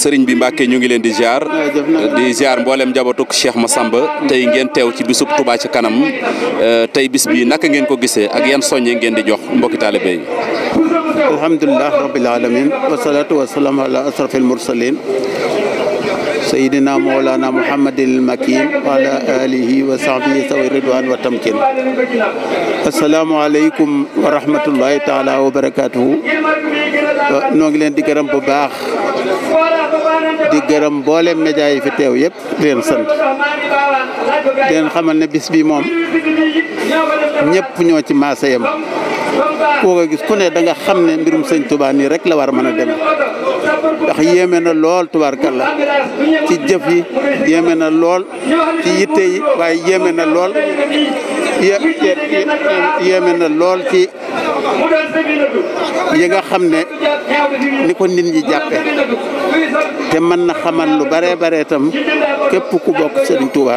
sëriñ bi Mbàkke ñu ngi leen di ziar di ziar mboolem njabootug Cheikh Massamba tey ngeen teew ci bisub Touba ci kanam euh, tey bis bi naka ngeen ko gisee ak yan soññe ngeen di jox mbokki taalibe yi alhamdulilah rabbil alamin wasalaatu wasalaamu ala asrafil mursalin sayidina mawlana muhammadil makin wa ala alihi wa sahbihi sawi ridwan wa tamkin asalaamu aleykum wa rahmatullahi taala wa barakatuhu leen di gërëm bu baax di gërëm boole média yi fi teew yëpp di leen sant di leen xamal ne bis bi moom ñëpp ñoo ci maase yam koo ko gis ku ne da xam ne mbirum sëñ Touba rek la war a mën a dem ndax yéeme na lool tubaarkalla ci jëf yi yéeme na lool ci yitte yi waaye yéeme na lool yéeme na lool ci. yi nga xam ne ni ko nit ñi jàppe te mën na xamal lu bare bare tam képp ku bokk Serigne Touba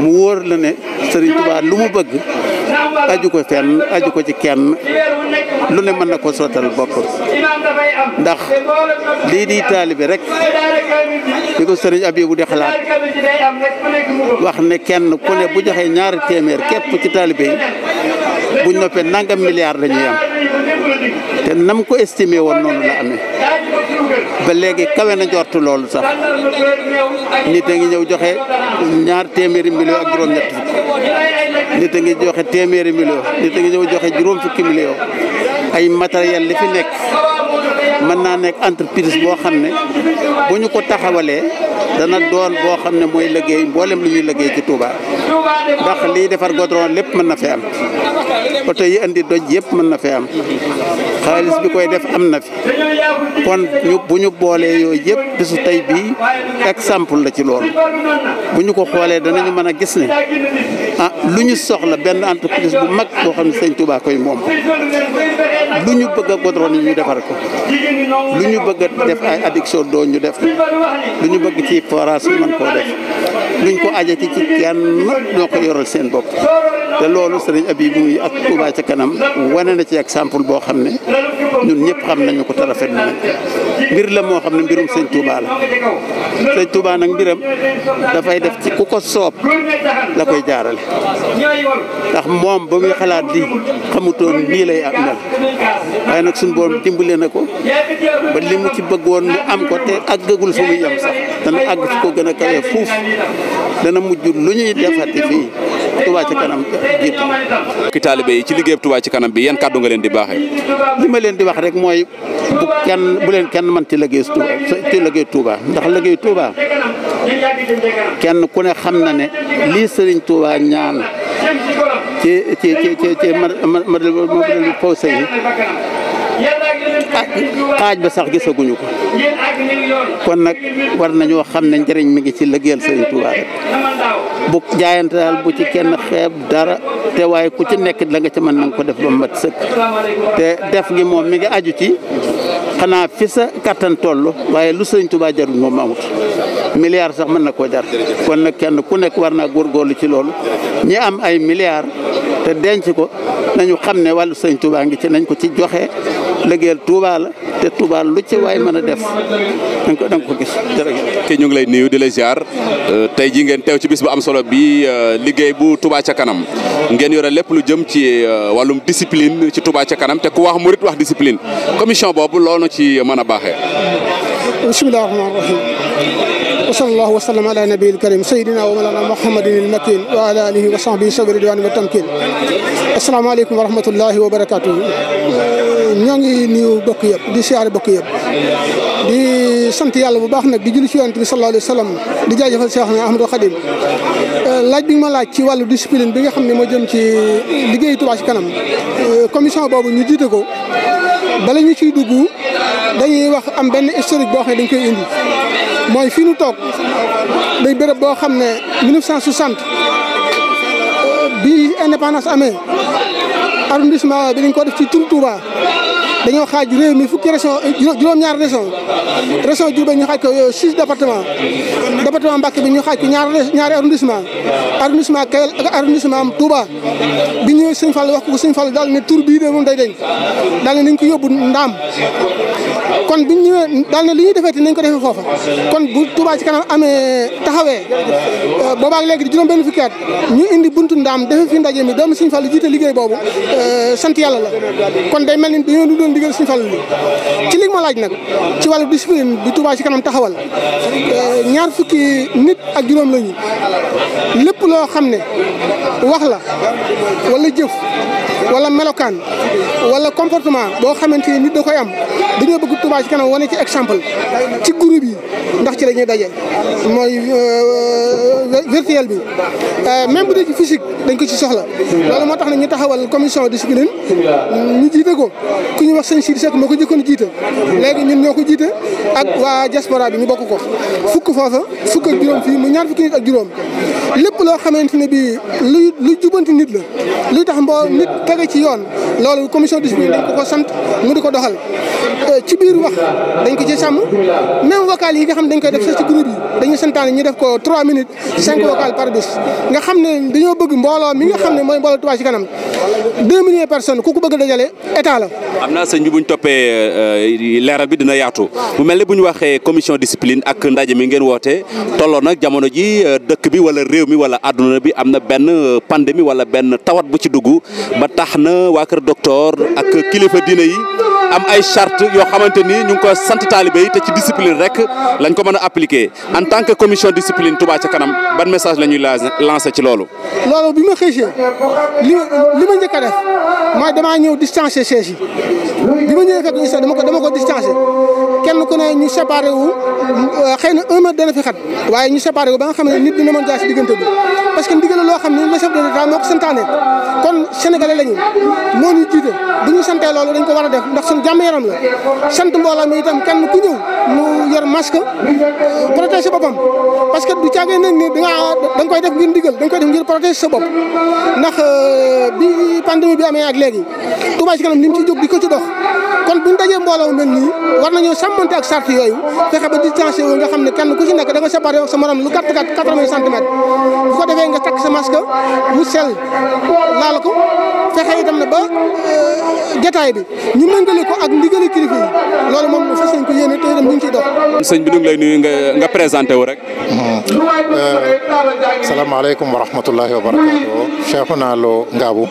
mu wóor la ne Serigne Touba lu mu bëgg aju ko aju ko ci kenn lu ne mën na ko sottal boppam ndax lii di taalibe rek di ko sëriñ Abibu di xalaat wax ne kenn ku ne bu joxee ñaari téeméer képp ci taalibe yi buñ noppee nangam milliards la ñuy nam ko estimé woon noonu la amee ba léegi kawe na njortu loolu sax nit a ngi ñëw joxe ñaar téeméeri million ak juróom-ñett fukk nit a ngi joxe téeméeri million nit a ngi ñëw joxe juróom fukki million ay matériel li fi nekk mën naa nekk entreprise boo xam ne bu ñu ko taxawalee dana doon boo xam ne mooy liggéey mboolem lu ñuy liggéey ci Touba ndax liy defar goudron lépp mën na fee am oto yi indi doj yëpp mën na fee am xaalis bi koy def am na fi kon ñu bu ñu boolee yooyu yëpp bisu tey bii exemple la ci lool bu ñu ko xoolee danañu mën a gis ne ah lu ñu soxla benn entreprise bu mag boo xam ne Sëñ Touba koy moom lu ñu bëgg a godron yi ñu defar ko lu ñu bëgg def ay addiction doo ñu def lu ñu bëgg ci forage mën koo def luñ ko ajati ci kenn ñoo ko yoral seen bopp te loolu sëriñ Abib muy ak Touba ca kanam wane na ci exemple boo xam ne ñun ñëpp xam nañu ko tarafet na mbir la moo xam ne mbirum sëñ Touba nag mbiram dafay def ci ku ko soob la koy jaarale ndax moom ba muy xalaat lii xamutoon nii lay am mel waaye nag suñu borom dimbale na ko ba limu ci bëggoon mu am ko te àggagul fu muy yem sax dana àgg fu ko gën a kawe fuuf dana mujj lu ñuy defati fii Touba ci kanam jiitu. ki ci liggéeyam Touba ci kanam bi yan kàddu nga leen di baaxe li ma leen di wax rek mooy bu kenn bu leen kenn mën ti liggéey Touba ci liggéey ndax liggéey Touba kenn ku ne xam na ne lii sëriñ Touba ñaan ci ci ci ci ma ma ma xaaj ba sax gisaguñu ko kon nag war nañoo xam ne njëriñ mi ngi ci liggéeyal Sëriñ Tuubaa rek bu jaayante daal bu ci kenn xeeb dara te waaye ku ci nekk la ci mën na ko def ba mat sëkk te def ngi moom mi ngi aju ci xanaa fi sa kattan toll waaye lu Sëriñ Tuubaa jarul moom amut milliard sax mën na koo jar kon nag kenn ku nekk war naa góorgóorlu ci loolu ñi am ay milliard te denc ko nañu xam ne wàllu Sëriñ ngi ci nañ ko ci joxe liggéeyal Touba la te Touba lu ci waay mën a def danga ko danga ko gis jërëjëf. ñu ngi lay nuyu di lay ziar euh, tey ji ngeen teew ci bis bu am solo bi euh, liggéey bu Touba ca kanam ngeen yore lépp lu jëm ci euh, wàllum discipline ci Touba ca kanam te ku wax murit wax discipline commission boobu loolu ci mën a baaxee. wa sallallahu wa sallam ala nabiyil karim sayidina wa mawlana muhammadin il makin wa ala alihi wa sahbihi sabi ridwaan wa tamkin asalaamaaleykum wa rahmatullahi wa barakatuh ñoo ngi nuyu bokk yëpp di siyaare bokk yëpp di di sant yàlla bu baax nag di julli ci yonent bi sallallahu alayhi wa sallam di jaajëfal Cheikh Ahmadou Khadim euh, laaj bi nga ma laaj ci wàllu discipline bi nga xam ne moo jëm ci liggéeyu Touba ci kanam euh, commission boobu ñu jiite ko bala ñu ciy dugg dañuy wax am benn historique boo xam ne dañ koy indi mooy fi nu toog day bërëb boo xam ne sant indépendance amee arrondissement bi dañ ko def ci tur Touba dañoo xaaj réew mi fukki région juróom-ñaari région région Diourbel ñu xaaj ko euh, six département département Mbacké bi ñu xaaj ko ñaari ñaari arrondissement arrondissement Kayel ak arrondissement am Touba bi ñëwee Sëñ Fall wax ko Sëñ Fall daal tur bii de moom day deñ daal ko yóbbu Ndaam kon bu ñu li ñuy defee te nañ ko defee foofa kon bu Touba ci kanam amee taxawee euh, boobaak léegi di juróom benn fukki at ñu indi buntu ndaam defee fi ndaje mi doomu Sëñ Fallu jiite liggéey boobu euh, sant yàlla la kon day mel ni dañoo du doon liggéey Sëñ Fallu li ci li ma laaj nag ci wàllu discipline bi Touba ci kanam taxawal euh, ñaar fukki nit ak juróom lañu lépp loo xam ne wax la wala jëf wala melokaan wala comportement boo xamante ni nit da koy am dañoo bëgg bu Touba ci kanam wane ci exemple ci groupe yi ndax ci la daje mooy euh, virtuel bi euh, même bu dee ci physique dañ ko ci soxla loolu moo tax ne ñu taxawal commission discipline ñu jiite ko ku ñu wax sañ Sidi Seck moo ko jëkkoon jiite léegi ñun ñoo ko jiite ak waa diaspora bi ñu bokk ko fukk foofa fukk ak juróom fii mu ñaar fukki nit ak juróom lépp loo xamante ne bii luy luy jubanti nit la luy tax mboo nit tege ci yoon loolu commission discipline dañ ko ko sant mu di ko doxal euh, biir wax dañ ko ci sàmm même vocal yi nga xam dañ koy def sax ci groupe yi dañu santaane ñu def ko 3 minutes 5 vocal par bis nga xam ne dañoo bëgg mbooloo mi nga xam ne mooy mbooloo Touba ci kanam ku ko bëgg dajale état la. am naa sëñ bu ñu toppee euh, leeral bi dina yaatu mu mel ne bu ñu waxee commission discipline ak ndaje mi ngeen woote tolloo nag jamono ji euh, dëkk bi wala réew mi wala àdduna bi am na benn euh, pandémie wala benn tawat bu ci dugg ba tax na waa kër docteur ak kilifa diine yi xamante ni ñu ngi ko sant taalibe te ci discipline rek lañ ko mën a appliquer en tant que commission discipline Touba ca kanam ban message la ñuy ci loolu. loolu bi ma xëysee li li ma njëkk a def mooy damaa ñëw distancé sees bi ma ñëwee fekk ñu kenn ku ne ñu séparé wu euh, na un mètre dana xat waaye ñu séparé ba nga xam ne nit dina mën jaar si diggante bi parce que ndigal loo xam ne le chef de l'État moo ko santaane kon sénégalais la ñu moo ñu jiite bu a def sant mbooloo mi itam kenn ku ñëw mu yor masque euh, protéger boppam parce que du caagee nag ni da nga da nga koy def ngir ndigal da nga koy def ngir protéger sa bopp ndax euh, bi pandémie bi amee ak léegi Touba ci kanam ni mu ci jóg di ko ci dox kon buñ dajee mbooloo mel nii war nañoo sàmmante ak sart yooyu fexe ba distancé wu nga xam ne kenn ku ci nekk da nga séparé ak sa morom lu gàtt gàtt quatre-vingts centimètres bu ko defee nga takk sa masque mu sell laal ko fexe itam ne ba euh, jataay bi ñu mëngale ko ak ndigali kilifa loolu moom fas nañ ko yéene te ngi ciy dox. sëñ bi ñu lay nuyu nga nga présenté wu rek. Euh, salaamaaleykum wa rahmatullahi wa barakaatu. Cheikhouna Lo Ngabou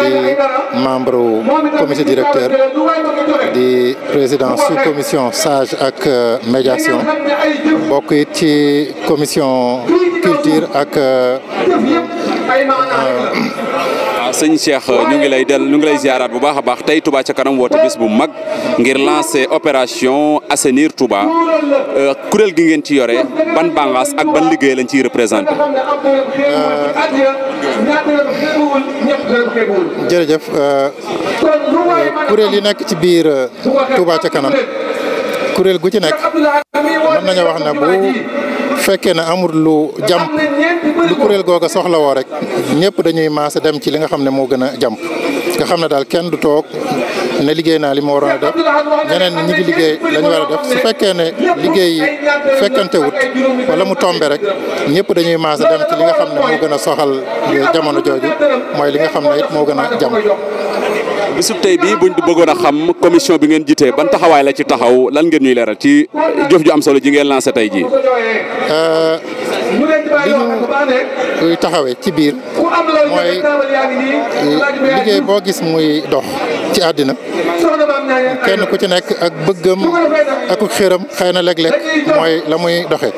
di membre comité directeur di président sous commission sage ak euh, médiation bokk it ci commission culture ak. Euh, sëñ Cheikh euh, ñu ngi lay del ñu ngi lay ziaraat bu baax a baax tey Touba ca kanam woote bis bu mag ngir lancer opération assenir Touba euh, kuréel gi ngeen ci yore ban bànqaas ak ban liggéey lañ ciy représenté. Euh, jërëjëf kuréel yi nekk ci biir Touba ca kanam kuréel gu ci nekk mën nañu bu. fekkee ne amul lu jàmp lu kuréel googa soxla woo rek ñëpp dañuy maase dem ci li nga xam ne moo gën a jàmp nga xam ne daal kenn du toog ne liggéey naa li ma waroon a def ñeneen ñi ngi liggéey lañ war a def su fekkee ne liggéey fekkantewut wala mu tombe rek ñëpp dañuy maase dem ci li nga xam ne moo gën a soxal jamono jooju mooy li nga xam ne it moo gën a jàmp bisub tey bi buñ bëggoon a xam commission bi ngeen jiitee ban taxawaay la ci taxaw lan ngeen ñuy leeral ci jëf ju am solo ji ngeen lancé tey ji euh, li ñu taxawee ci biir mooy liggéey boo gis muy dox ci àddina kenn ku ci nekk ak bëggam ak xiram xëy na léeg-léeg mooy la muy doxe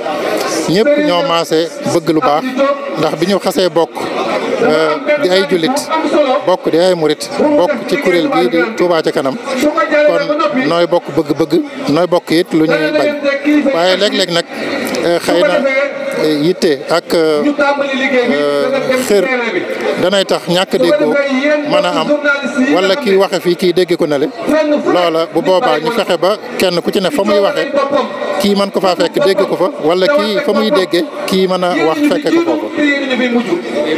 ñëpp ñoo maase bëgg lu baax ndax bi ñu xasee bokk. Euh, di ay jullit bokk di ay murit bokk ci kuréel bii di Touba kanam kon nooy bokk bëgg-bëgg nooy bokk it lu ñuy bañ waaye léeg-léeg nag euh, xëy na yitte ak euh, xër danay tax ñàkk déggoo mën a am wala kii waxe fii kii dégg ko na le loola bu boobaa ñu fexe ba kenn ku ci ne fa muy waxe kii mën ko faa fekk dégg ko fa wala kii fa muy déggee kii mën a wax fekke ko foofu.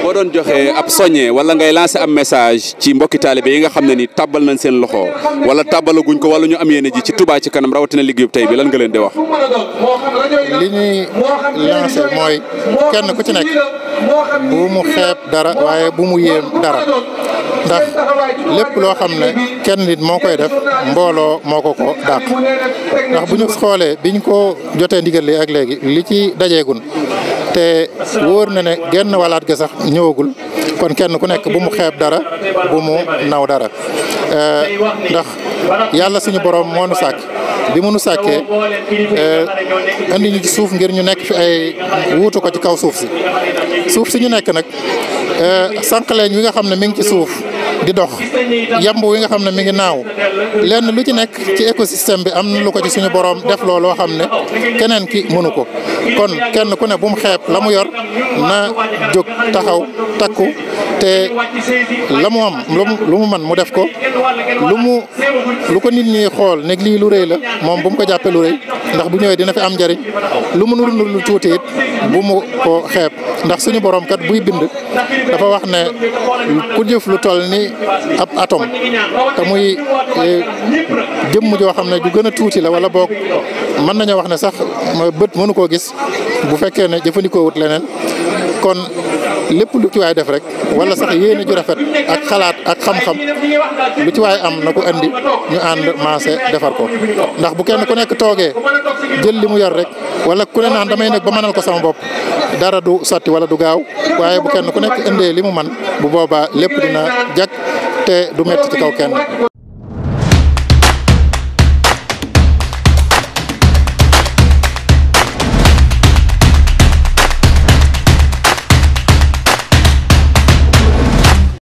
boo doon joxe ab soññee wala ngay lancer am message ci mbokki taalibe yi nga xam ne ni tàbbal nañ seen loxo wala tàbbalaguñ ko wala ñu am yéene ji ci Touba ci kanam rawatina liggéeyub tey bi lan nga leen di wax. li ñuy lancer mooy kenn ku ci nekk bu mu xeeb dara waaye bu mu yéem dara. ndax lépp loo xam ne kenn it moo koy def mbooloo moo ko ko dàq ndax bu ñu xoolee biñ ko jotee ndigal li ak léegi li ci dajeegun te wóor na ne genn walaat ga sax ñëwagul kon kenn ku nekk bu mu xeeb dara bu mu naw dara eh, ndax yàlla suñu borom moo nu sàkk bi mu nu sàkkee eh, andi ñu ci suuf ngir ñu nekk fi ay wuutu ko ci kaw suuf si suuf si ñu nekk nag eh, sanq leen wi nga xam ne mi ngi ci suuf. di dox yamb wi nga xam ne mi ngi naaw lenn lu ci nekk ci écosystème bi am lu ko ci suñu borom def looloo xam ne keneen ki mënu ko kon kenn ku ne bu mu xeeb la mu yor na jóg taxaw takku te la mu am lu mu man mu def ko lu mu lu ko nit ñi xool ne li lu rëy la moom bu ko jàppee lu rëy ndax bu ñëwee dina fi am njariñ lu mu nuru lu tuuti bu mu ko xeeb ndax suñu borom kat buy bind dafa wax ne ku jëf lu toll ni ab atome te muy eh, jëmm joo xam ne ju gën a tuuti la wala boog mën nañoo wax ne sax bët mënu koo gis bu fekkee ne jëfandikoo wut leneen kon lépp lu ci waay def rek wala sax yéene ju rafet ak xalaat ak xam-xam lu ci waay am na ko andi ñu ànd maase defar ko ndax bu kenn ku nekk toogee jël li mu yor rek wala ku ne naan damay nekk ba mënal ko sama bopp dara du sotti wala du gaaw waaye bu kenn ku nekk indee li mu man bu boobaa lépp dina jag te du metti ci kaw kenn